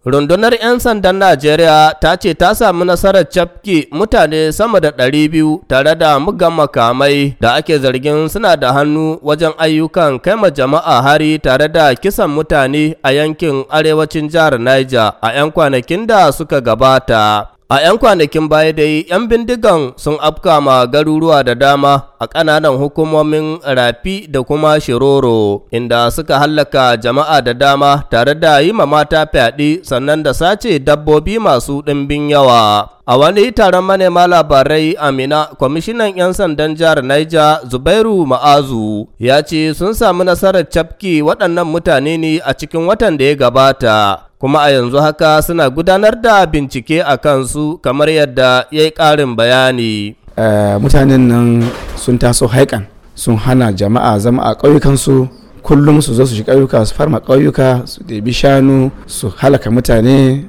Rundunar 'yan sandan Najeriya ta ce ta sami nasarar cafke mutane sama da ɗari biyu tare da mugan makamai da ake zargin suna da hannu wajen ayyukan kaima jama'a hari tare da kisan mutane a yankin arewacin jihar Niger a 'yan kwanakin da suka gabata. A 'yan kwanakin baya dai, 'yan bindigan sun afka ma garuruwa da dama a ƙananan hukumomin rafi da kuma shiroro, inda suka hallaka jama'a da dama tare da yi ma mata fyaɗe sannan da sace dabbobi masu ɗimbin yawa. A wani taron manema labarai Amina, kwamishinan 'yan sandan jihar Niger Zubairu Ma'azu ya ce sun samu nasarar cafke waɗannan mutane ne a cikin watan da ya gabata, kuma a yanzu haka suna gudanar da bincike a kansu kamar yadda ya yi ƙarin bayani. Eh, mutanen nan sun taso haikan sun hana jama'a zama a ƙauyukansu kullum su zo su shi ƙauyuka su farma ƙauyuka su ɗebi shanu su halaka mutane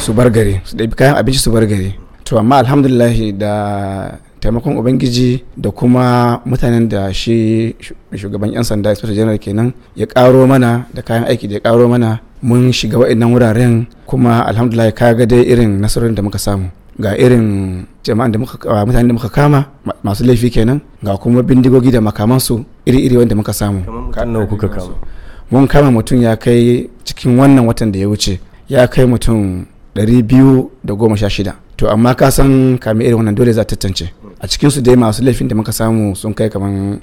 su bar gari su ɗebi kayan abinci su bar gari to amma alhamdulillah da taimakon ubangiji da kuma mutanen da shi shugaban 'yan sanda inspector general kenan ya karo mana da kayan aiki da ya karo mana mun shiga wa'annan wuraren kuma alhamdulillah ka ga dai irin nasarorin da muka samu ga irin jama'an da muka mutanen da muka kama masu laifi kenan ga kuma bindigogi da makamansu iri-iri wanda muka samu mun kama mutum ya kai cikin wannan watan da ya wuce ya kai mutum 216 to amma ka san kame irin wannan dole za ta tantance a cikin su dai masu laifin da muka samu sun kai kaman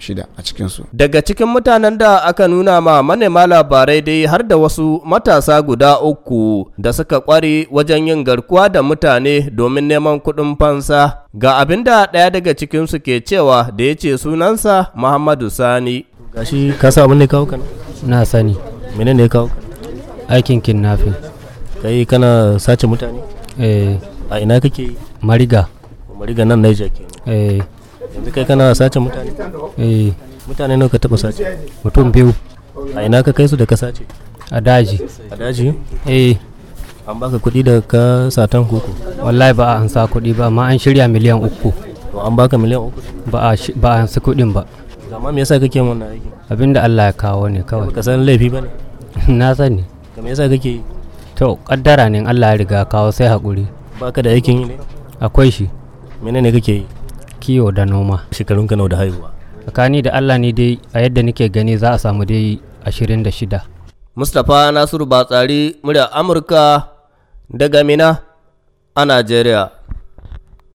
shida a cikinsu. Daga cikin mutanen da aka nuna ma manema labarai dai har da wasu matasa guda uku da suka kware wajen yin garkuwa da mutane domin neman kuɗin fansa ga abin da ɗaya daga cikinsu ke cewa da ya ce sunansa Muhammadu Sani. Gashi ka sa abin da ya kawo kana? Na sani. Menene ya kawo? Aikin kidnapping. kai kana sace mutane eh a ina kake mariga mariga nan Niger ke eh yanzu kai kana sace mutane eh mutane nawa ka taba sace mutum biyu a ina ka kai su da ka sace a daji a daji eh an baka kuɗi da ka satan kuku wallahi ba an sa kuɗi ba amma an shirya miliyan uku to an baka miliyan uku ba a ba an sa kuɗin ba amma me yasa kake wannan aiki abinda Allah ya kawo ne kawai ka san laifi bane na sani me yasa kake yi to kaddara ne Allah ya riga kawo sai hakuri baka da aikin yi ne akwai shi menene kake yi kiwo da noma shekarun ka nawa da haihuwa tsakani da Allah ne dai a yadda nake gani za a samu dai shida Mustapha Nasiru Batsari murya Amurka daga Mina a Najeriya